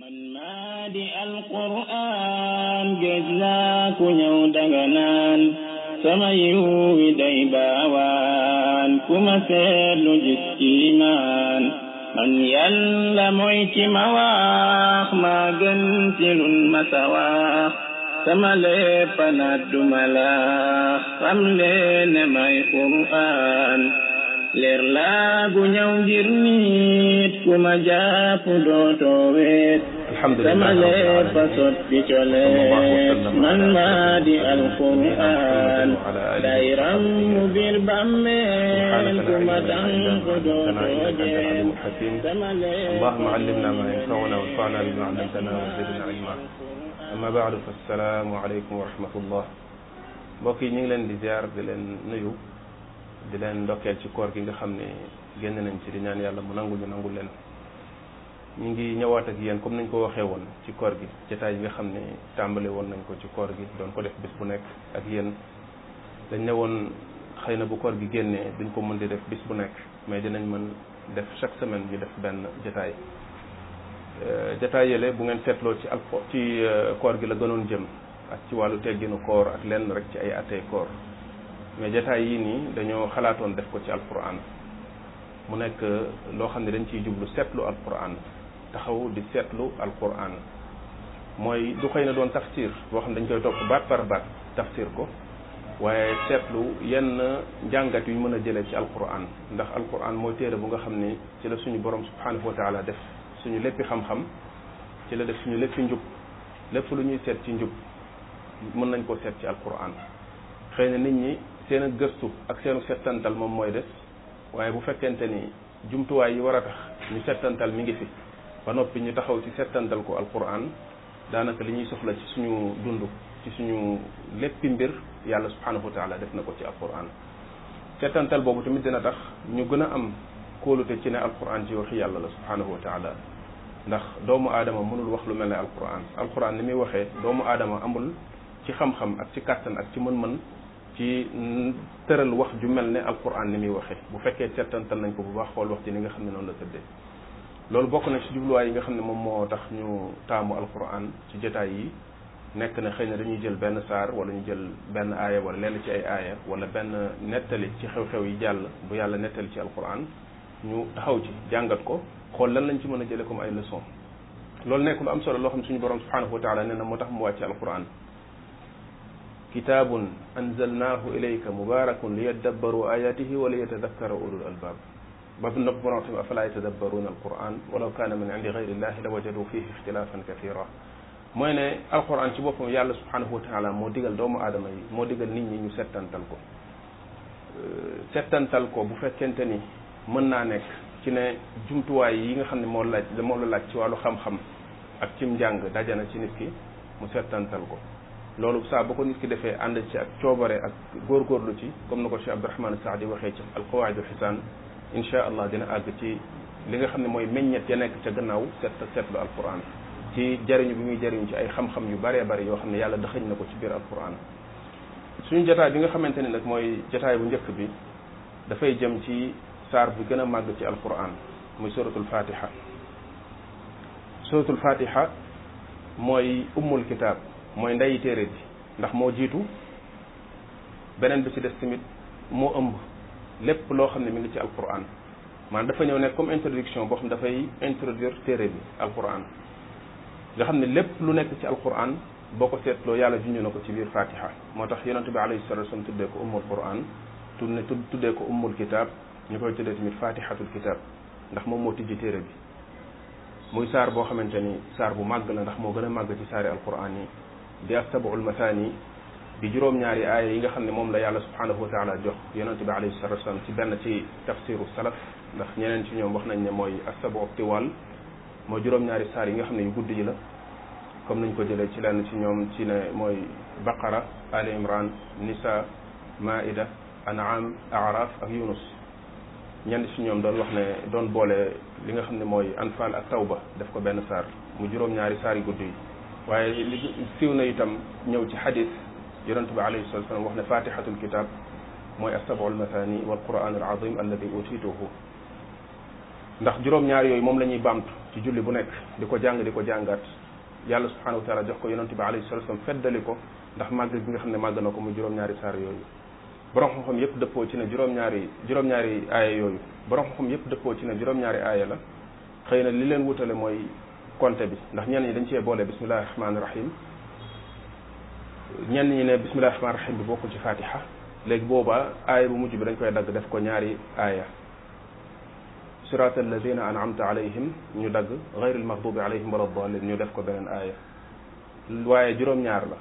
من مادي القرآن جزاك يودغنان فما يودي باوان كما سير نجس إيمان من يلم إتما واخ ما جنسل مسواخ فما ليفنا الدملاخ فم لين ما القرآن leer laa gu ñëw ngir nit ku ma jàpp dootoo weet sama leer fa sotti coleet man maa di alquran dayram mu bir bàmmeel ku ma tànk dootoo jeet sama leer اللهم علمنا ما ينفعنا وانفعنا بما علمتنا وزدنا علما أما بعد فالسلام عليكم ورحمة الله mbokk yi ñu ngi leen di ziar di leen nuyu di leen ndokkeel ci koor gi nga xam ne génn nañ ci di ñaan yàlla mu nangu ñu nangu leen ñu ngi ñëwaat ak yéen comme nañ ko waxee woon ci koor gi jotaay yi nga xam ne tàmbali woon nañ ko ci koor gi doon ko def bis bu nekk ak yéen dañ ne woon xëy na bu koor gi génnee duñ ko mën di def bis bu nekk mais dinañ mën def chaque semaine ñu def benn jotaay euh, jotaay yële bu ngeen seetloo ci alpo ci euh, koor gi la gënoon jëm ak ci wàllu tegginu koor ak lenn rek ci ay attee mais jataay yii nii dañoo xalaatoon def ko ci al alquran mu nekk loo xam ne dañ ciy jublu seetlu alquran taxaw di seetlu alquran mooy du xëy na doon tafsir boo xam ne dañ koy topp baat par baat tafsir ko waaye seetlu yenn njàngat yu mën a jëlee ci alquran ndax alquran mooy téere bu nga xam ni ci la suñu borom subhanahu wa taala def suñu léppi xam-xam ci la def suñu léppi njub lépp lu ñuy seet ci njub mën nañ koo seet ci alquran xëy na nit ñi seen ak gëstu ak seenu settantal moom mooy des waaye bu fekkente ni jumtuwaay yi war a tax ñu setantal mi ngi fi ba noppi ñu taxaw ci settantal ko alquran daanaka li ñuy soxla ci suñu dund ci suñu léppi mbir yàlla subhanahu wa taala def na ko ci alquran settantal boobu tamit dina tax ñu gën a am kóolute ci ne alquran ci waxi yàlla la subhanahu wa taala ndax doomu aadama mënul wax lu mel ne alquran alquran ni muy waxee doomu aadama amul ci xam-xam ak ci kàttan ak ci mën-mën ci teural wax ju mel ne alquran ni muy waxe bu fekke certantal nañ ko bu baax xol wax ci ni nga xamne non la tedde lolou bokku na ci djublu way yi nga xamne mom mo tax ñu taamu alquran ci jotaay yi nek na xeyna dañuy jël ben sar wala ñu jël ben aya wala lenn ci ay aya wala ben netali ci xew-xew yi jàll bu yàlla nettali ci alquran ñu taxaw ci jàngat ko xol lan lañ ci mëna jëlé comme ay leçon lolou nekk am solo lo xam suñu borom subhanahu wa taala neena na tax mu wàcc alquran كتاب أنزلناه إليك مبارك ليدبروا آياته وليتذكر أولو الألباب بعض النبرات أفلا يتدبرون القرآن ولو كان من عند غير الله لوجدوا فيه اختلافا كثيرا موينة القرآن تبوك يا الله سبحانه وتعالى موديقل دوم آدم موديقل نيني نيو ستان تلكو ستان تلكو بفت كنتني من نانك كنا جمتوا ييغا خمنا مولا لاتشوالو خم خم أكتم جانغ داجانا تنفكي مو ستان تلكو loolu saa bu ko nit ki defee ànd ci ak coobare ak góorgóorlu ci comme na ko cheikh abdourahman saadi waxee ci alqawaidul xisaan insha allah dina àgg ci li nga xam ne mooy meññet ya nekk ca gannaaw set seetlu alquran ci jariñu bi muy jariñu ci ay xam-xam yu bare bare yoo xam ne yàlla dëxëñ na ko ci biir alquran suñu jotaay bi nga xamante ne nag mooy jotaay bu njëkk bi dafay jëm ci saar bu gën a màgg ci alquran muy suratul fatiha suratul fatiha mooy umul kitab mooy ndeyi téere bi ndax moo jiitu beneen bi ci des tamit moo ëmb lépp loo xam ne mi ngi ci alquran maanaam dafa ñëw nekk comme introduction boo xam ne dafay introduire téere bi alquran nga xam ne lépp lu nekk ci alquran boo ko seetloo yàlla junj na ko ci biir fatiha moo tax yonente bi alayhi salatu wasallam tuddee ko ummul quran tudne tuddee ko ummul kitab ñu koy tuddee tamit fatihatul kitab ndax moom moo tijji téere bi muy saar boo xamante ni saar bu màgg la ndax moo gën a màgg ci saari alquran yi ديال سبع المثاني بجروم juróom آية aaya yi موم لا ne سبحانه وتعالى جوخ يونس wa عليه الصلاه والسلام تي بن تي تفسير السلف داخ نينن تي نيوم واخنا ñeneen موي السبع wax مو جروم mooy سار tiwal mooy juróom ñaari saar yi nga xam ne yu gudd yi la comme nañ ko jëlee ci lenn ci ñoom ci ne mooy ci ñoom doon wax ne doon boole li nga xam ne mooy anfal ak tawba def ko benn saar mu juróom ñaari saar gudd yi waaye li siiw na itam ñëw ci xadis yonente bi alayhi salatu wasalam wax ne fatihatul kitab mooy assabu almathani wal quran al azim alladi utituhu ndax juróom ñaari yooyu moom la ñuy baamtu ci julli bu nekk di ko jàng di ko jàngaat yàlla subhanahu wa taala jox ko yonente bi alayhi salatu wasalam feddali ko ndax màgg bi nga xam ne màgg na ko mu juróom-ñaari saar yooyu borom xam-xam yëpp dëppoo ci ne juróom-ñaari juróom-ñaari aaya yooyu borom xam-xam yëpp dëppoo ci ne juróom-ñaari aay la xëy na li leen wutale mooy compté bi ndax ñenn ñi dañ cee boole bismillahi rahmaani rahim ñenn ñi ne bismillahi rahmaani rahim bi bokkul ci fatiha léegi booba aaya bu mujj bi dañ koy dagg def ko ñaari aaya sirata alladina anamta alayhim ñu dagg ghayril maghdubi alayhim wala dhalin ñu def ko beneen aaya waaye juróom ñaar la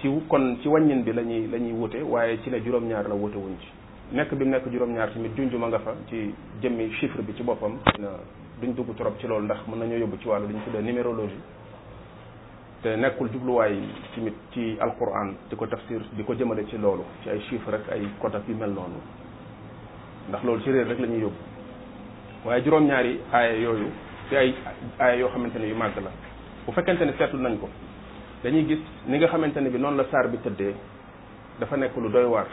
ci kon ci wàññin bi lañuy lañuy wute waaye ci ne juróom ñaar la wute wuñ ci nekk bi mu nekk juróom ñaar tamit junjuma nga fa ci jëmmi chiffre bi ci boppam na duñ dugg trop ci loolu ndax mën nañoo yóbbu ci wàllu li ñu tuddee numérologie te nekkul jubluwaay tamit ci alquran di ko tafsir di ko jëmale ci loolu ci ay chiffres rek ay code yu mel noonu ndax loolu ci réer rek la yóbbu waaye juróom-ñaari aaya yooyu ci ay aaya yoo xamante ne yu màgg la bu fekkente ne seetlu nañ ko dañuy gis ni nga xamante ne bi noonu la saar bi tëddee dafa nekk lu doy waar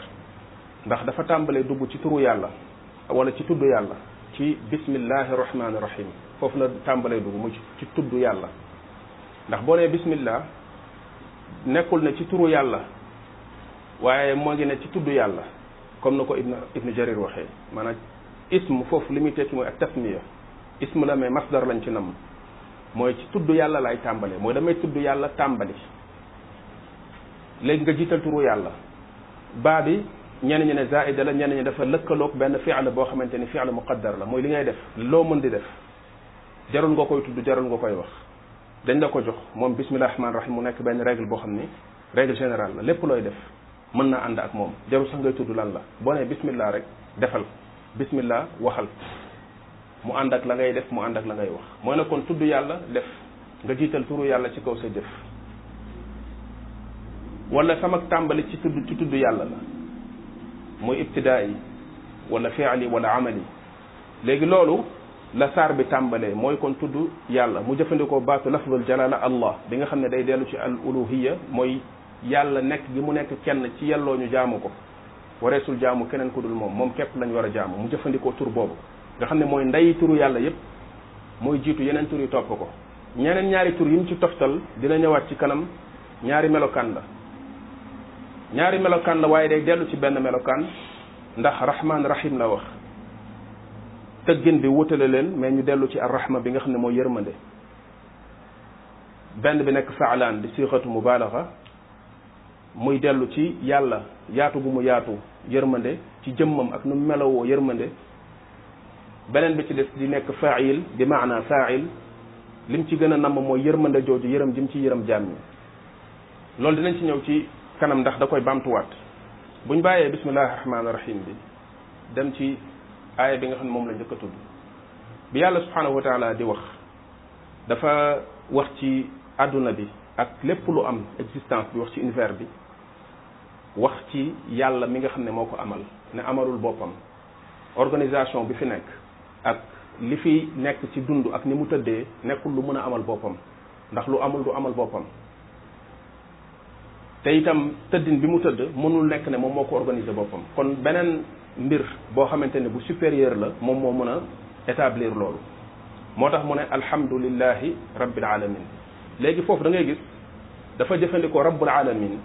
ndax dafa tàmbalee dugg ci turu yàlla wala ci tudd yàlla ci bismillahi rahmaani rahim foofu la tàmbalee dugg mu ci tudd yàlla ndax boo nee bismillah nekkul ne ci turu yàlla waaye moo ngi ne ci tudd yàlla comme na ko ibn ibn jarir waxee maanaam ism foofu li muy tekki mooy ak tasmiya ism la mais masdar lañ ci nam mooy ci tudd yàlla laay tàmbale mooy damay tudd yàlla tàmbali léegi nga jiital turu yàlla baa bi ñenn ñu ne zaida la ñenn ñu dafa lëkkaloog benn fiala boo xamante ni fiala muqaddar la mooy li ngay def loo mën di def jarul nga koy tudd jarul nga koy wax dañ la ko jox moom bismillah rahman rahim mu nekk benn règle boo xam ni règle générale la lépp looy def mën naa ànd ak moom jarul sax ngay tudd lan la boo nee bismillah rek defal bismillah waxal mu ànd ak la ngay def mu ànd ak la ngay wax mooy ne kon tudd yàlla def nga jiital turu yàlla ci kaw sa jëf wala sama tàmbali ci tudd ci tudd yàlla la mooy ibtidaa yi wala fi'li wala amali léegi loolu la saar bi tàmbalee mooy kon tudd yàlla mu jëfandikoo baatu lafzul jalala allah bi nga xam ne day dellu ci al uluhiya mooy yàlla nekk gi mu nekk kenn ci yelloo ñu jaamu ko wareesul jaamu keneen ku dul moom moom képp lañ war a jaamu mu jëfandikoo tur boobu nga xam ne mooy nday turu yàlla yépp mooy jiitu yeneen tur yi topp ko ñeneen ñaari tur yi mu ci toftal dina ñëwaat ci kanam ñaari melokaan la ñaari melokaan la waaye day dellu ci benn melokaan ndax rahman rahim la wax tëggin bi wutale leen mais ñu dellu ci arrahma bi nga xam ne mooy yërmande benn bi nekk faalaan di siixatu mubaalaxa muy dellu ci yàlla yaatu mu yaatu yërmande ci jëmmam ak nu melowoo yërmande beneen bi ci des di nekk faayil bi maana faayil lim ci gën a namm mooy yërmande jooju yërëm jim ci yërëm jaam ñi loolu dinañ ci ñëw ci kanam ndax da koy bamtuwaat buñ bàyyee bismillahi rahmaani rahim bi dem ci aaya bi nga xam ne moom la njëkk a tudd bi yàlla subhanahu wa taala di wax dafa wax ci àdduna bi ak lépp lu am existence bi wax ci univers bi wax ci yàlla mi nga xam ne moo ko amal ne amalul boppam organisation bi fi nekk ak li fi nekk ci dund ak ni mu tëddee nekkul lu mën a amal boppam ndax lu amul du amal boppam te itam tëddin bi mu tëdd mënul nekk ne moom moo ko organiser boppam kon beneen mbir boo xamante ne bu supérieur la moom moo mën a établir loolu moo tax mu ne alhamdulillahi rabbil alamin léegi foofu dangay ngay gis dafa jëfandikoo rabbul alamin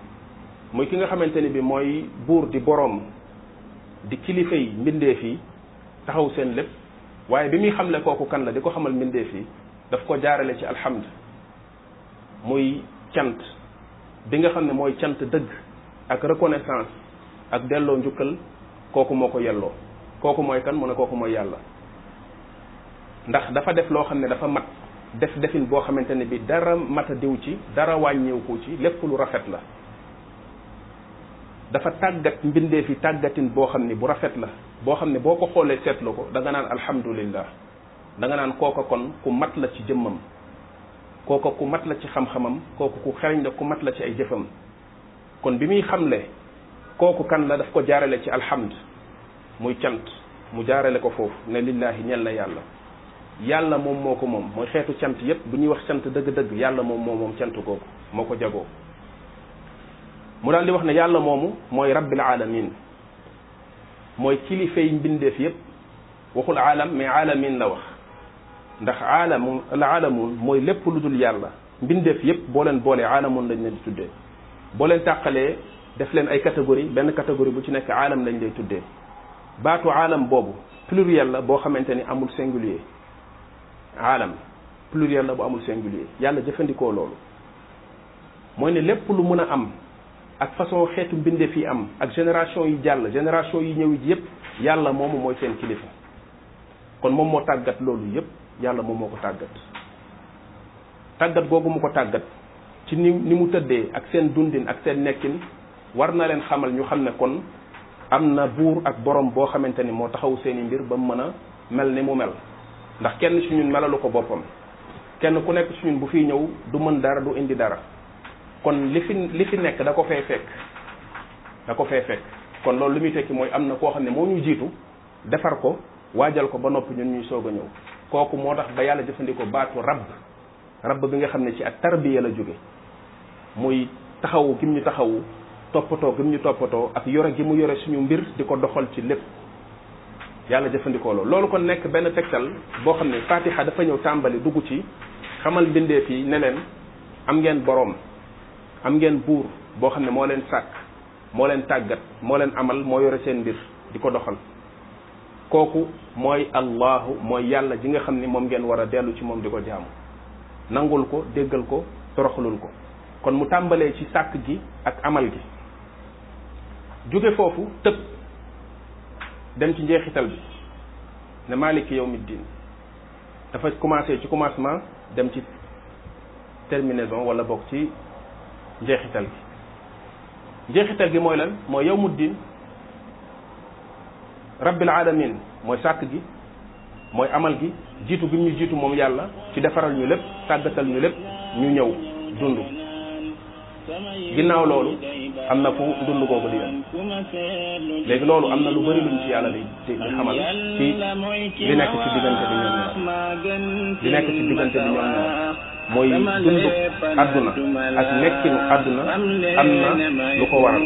muy ki nga xamante ni bi mooy buur di boroom di kilifay mbindee fii taxaw seen lépp waaye bi muy xamle kooku kan la di ko xamal mbindee fii daf ko jaarale ci alhamd muy cant bi nga xam ne mooy cant dëgg ak reconnaissance ak delloo njukkal kooku moo ko yelloo kooku mooy kan mu ne kooku mooy yàlla ndax dafa def loo xam ne dafa mat def defin boo xamante ne bi dara mat a diw ci dara wàññiw ci lépp lu rafet la dafa tàggat mbindeef yi tàggatin boo xam ne bu rafet la boo xam ne boo ko xoolee seetlu ko danga nga naan alhamdulillah da nga naan kooka kon ku mat la ci jëmmam koko ku mat la ci xam-xamam koko ku xarañ la ku mat la ci ay jëfam kon bi muy xamle kooku kan la daf ko jaarale ci alhamd muy cant mu jaarale ko foofu ne lillahi ñel la yàlla yàlla moom moo ko moom mooy xeetu cant yépp bu ñuy wax cant dëgg-dëgg yàlla moom moo moom cant googu moo ko jagoo mu daal di wax ne yàlla moomu mooy rabbil alamin mooy kilifay mbindeef yépp waxul alam mais alamin la wax ndax aalamu al aalamun mooy lépp lu dul yàlla mbindeef yépp boo leen boolee aalamun lañ leen tuddee boo leen tàqalee def leen ay catégorie benn catégorie bu ci nekk aalam lañ lay tuddee baatu aalam boobu pluriel la boo xamante ni amul singulier aalam pluriel la bu amul singulier yàlla jëfandikoo loolu mooy ne lépp lu mun a am ak façon xeetu mbindeef yi am ak génération yi jàll génération yi ñëw yi yépp yàlla moomu mooy seen kilifa kon moom moo tàggat loolu yépp yàlla moom moo ko tàggat tàggat googu mu ko tàggat ci ni ni mu tëddee ak seen dundin ak seen nekkin war na leen xamal ñu xam ne kon am na buur ak boroom boo xamante ni moo taxaw seeni mbir ba mu mën a mel ni mu mel ndax kenn ci ñun melalu ko boppam kenn ku nekk ci ñun bu fiy ñëw du mën dara du indi dara kon li fi li fi nekk da ko fee fekk da ko fee fekk kon loolu li muy tekki mooy am na koo xam ne moom ñu jiitu defar ko waajal ko ba noppi ñun ñuy soog a ñëw kooku moo tax ba yàlla jëfandikoo baatu rabb rabb bi nga xam ne ci ak tarbiya la jóge muy taxawu gim ñu taxawu toppatoo gim ñu toppatoo ak yore gi mu yore suñu mbir di ko doxal ci lépp yàlla jëfandikoo loolu loolu kon nekk benn tegtal boo xam ne fatiha dafa ñëw tàmbali dugg ci xamal mbindeef yi ne leen am ngeen boroom am ngeen buur boo xam ne moo leen sàkk moo leen tàggat moo leen amal moo yore seen mbir di ko doxal kooku mooy allahu mooy yàlla ji nga xam ni moom ngeen war a dellu ci moom di ko jaamu nangul ko déggal ko toroxlul ko kon mu tàmbalee ci sàkk gi ak amal gi jóge foofu tëb dem ci njeexital bi ne malik yawmi diin dafa commencé ci commencement dem ci terminaison wala bokk ci njeexital gi njeexital gi mooy lan mooy yawmu diin rabbil alamin mooy sàkk gi mooy amal gi jiitu gi ñu jiitu moom yàlla ci defaral ñu lépp tàggatal ñu lépp ñu ñëw dund ginnaaw loolu am na fu dund googu di léegi loolu am na lu bëri luñ ci yàlla di di xamal li nekk ci diggante li nekk ci diggante bi mooy dund àdduna ak nekkinu àdduna am na lu ko waral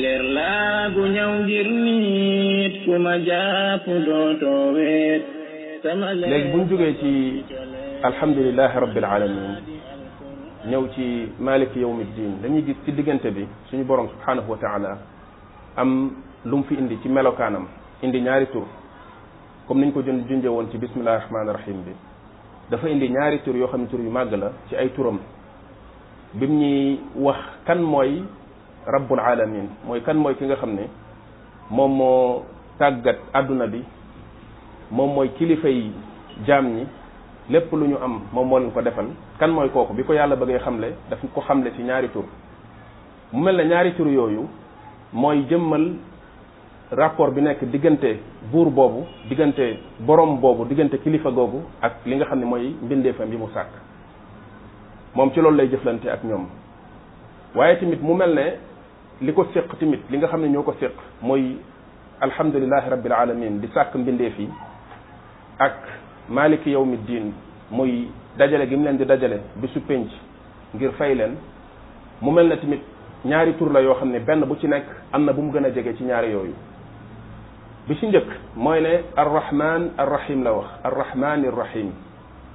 leer laa gu ñaw ngir nit ku ma jàpp dootoo weet sama bu ñu jógee ci alhamdulilahi rabbil alamin ñëw ci malik yawmi ddin dañuy gis ci diggante bi suñu borom subhanahu wa am lum fi indi ci melokaanam indi ñaari tur comme niñ ko jën junje woon ci bismillahi rahmaani rahim bi dafa indi ñaari tur yoo xam ne tur yu màgg la ci ay turam bim ñuy wax kan mooy rabbul alamin mooy kan mooy ki nga xam ne moom moo tàggat àdduna bi moom mooy kilifa yi jaam ñi lépp lu ñu am moom moo leen ko defal kan mooy kooku bi ko yàlla bëggee xamle daf ko xamle ci ñaari tur mu mel na ñaari tur yooyu mooy jëmmal rapport bi nekk diggante buur boobu diggante borom boobu diggante kilifa googu ak li nga xam ne mooy mbindeefam yi mu sàkk moom ci loolu lay jëflante ak ñoom waaye tamit mu mel ne li ko séq tamit li nga xam ne ñoo ko séq mooy alhamdulilahi rabbil alamin di sàkk mbindeef fi ak maliki yawmi din muy dajale gi mu leen di dajale bi su penc ngir fay leen mu mel na tamit ñaari tur la yoo xam ne benn bu ci nekk am na bu mu gën a jege ci ñaari yooyu bi ci njëkk mooy ne arrahman arrahim la wax arrahman irrahim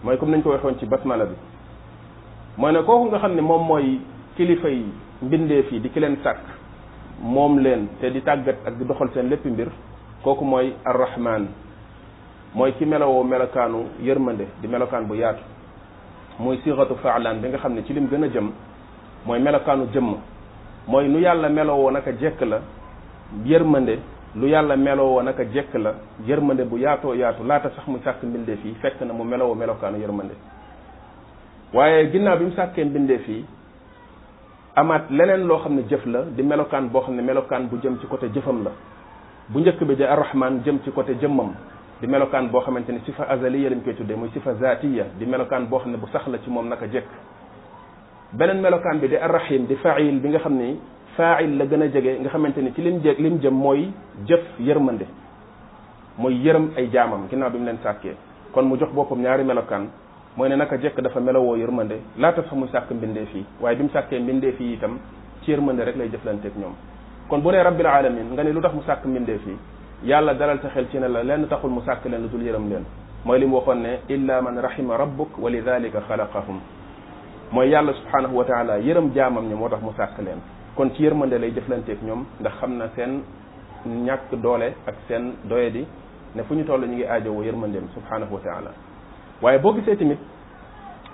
mooy comme nañ ko waxoon ci basmala bi mooy ne kooku nga xam ne moom mooy kilifa yi mbindeef yi di ki leen sàkk moom leen te di tàggat ak di doxal seen lépp mbir kooku mooy arrahman mooy ki melowoo melokaanu yërmande di melokaan bu yaatu muy siratu faalaan bi nga xam ne ci lim gën a jëm mooy melokaanu jëmm mooy nu yàlla melowoo naka jekk la yërmande lu yàlla melowoo naka jekk la yërmande bu yaatoo yaatu laata sax mu sàkk mbindeef yi fekk na mu melowoo melokaanu yërmande waaye ginnaaw bi mu sàkkee mbindeef yi amaat leneen loo xam ne jëf la di melokaan boo xam ne melokaan bu jëm ci côté jëfam la bu njëkk bi di arrahman jëm ci côté jëmmam di melokaan boo xamante ne sifa azaliya lañ koy tuddee muy sifa zatiya di melokaan boo xam ne bu sax la ci moom naka jekk beneen melokaan bi di arrahim di fail bi nga xam ni fail la gën a jege nga xamante ni ci lim jég lim jëm mooy jëf yërmande mooy yërëm ay jaamam ginnaaw bi mu leen sàkkee kon mu jox boppam ñaari melokaan mooy ne naka jekk dafa melowoo yërmande laata sax mu sàkk mbindee fii waaye bi mu sàkkee mbindee fii itam ci yërmande rek lay jëflanteeg ñoom kon bu ne rabbil alamin nga ne lu tax mu sàkk mbindee fii yàlla dalal sa xel ci ne la lenn taxul mu sàkk leen dul yërëm leen mooy li mu waxoon ne illa man rahima rabbuk wa lidalika xalaqahum mooy yàlla subhanahu wa taala yërëm jaamam ñi moo tax mu sàkk leen kon ci yërmande lay jëflanteeg ñoom ndax xam na seen ñàkk doole ak seen di ne fu ñu toll ñu ngi aajowoo yërmandeem subhanahu wa taala waaye boo gisee tamit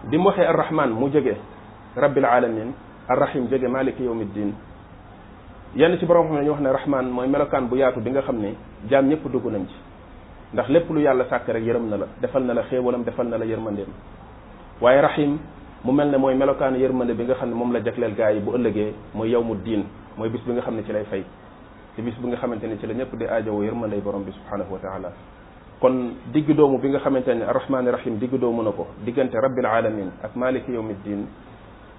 bi mu waxee arrahman mu jóge rabbil alamin arrahim jóge maliki yawmiddin yenn ci borom xam ne ñu wax ne rahman mooy melokaan bu yaatu bi nga xam ne jaam ñëpp dugg nañ ci ndax lépp lu yàlla sàkk rek yërëm na la defal na la am defal na la yërmandeem waaye rahim mu mel ne mooy melokaan yërmande bi nga xam ne moom la jagleel gaa yi bu ëllëgee mooy yawmu diin mooy bis bi nga xam ne ci lay fay te bis bi nga xamante ne ci la ñëpp di aajowoo yërmandey borom bi subhanahu wa taala kon diggu doomu bi nga xamante ne arrahmaani rahim digg doomu na ko diggante rabbil alamin ak maliki yawmi din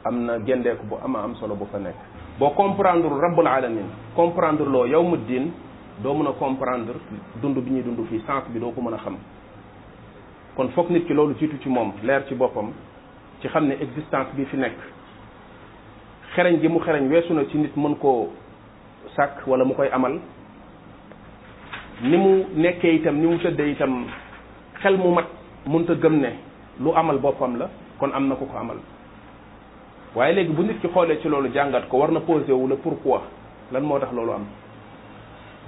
am na gendeeku bu a am solo bu fa nekk boo comprendre rabbul alamin comprendre loo yawmu din doo mën a comprendre dund bi ñuy dund fii sens bi doo ko mën a xam kon foog nit ki loolu jiitu ci moom leer ci boppam ci xam ne existence bi fi nekk xereñ gi mu xereñ weesu na ci nit mën koo sàkk wala mu koy amal ni mu nekkee itam ni mu tëddee itam xel mu mat mënta gëm ne lu amal boppam la kon am na ko ko amal waaye léegi bu nit ki xoolee ci loolu jàngat ko war na posé wu la pourquoi lan moo tax loolu am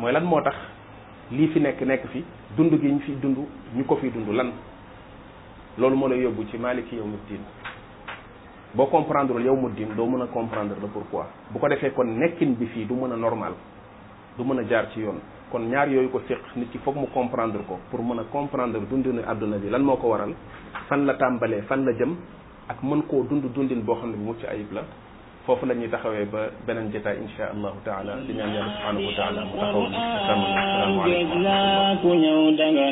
mooy lan moo tax lii fi nekk nekk fi dund gi ñu fi dund ñu ko fi dund lan loolu moo lay yóbbu ci maaliki yow mu diin boo comprendre yow mu diin doo mën a comprendre le pourquoi bu ko defee kon nekkin bi fii du mën a normal du mën a jaar ci yoon kon ñaar yooyu ko séq nit ci foog mu comprendre ko pour mën a comprendre dundinu àdduna bi lan moo ko waral fan la tàmbalee fan la jëm ak mën koo dund dundin boo xam ne mucc ayib la foofu la ñuy taxawee ba beneen jotaay insha allahu taala di ñaan yàlla subhanahu wa taala mu taxaw ku ñëw danga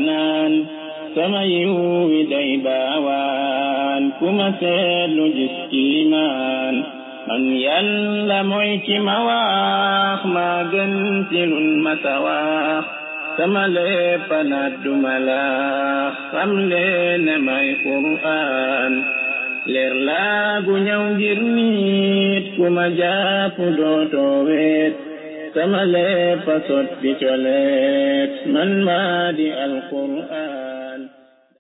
sama yiw wi day baawaan ku ma seetlu gis أميان لمعك مواخ ما جنتل متواخ سملي فناد ملاخ سملي نمي قرآن لير لا غنيو جرنيت كما جاف دوتويت سملي فصد بجلت من مادي القرآن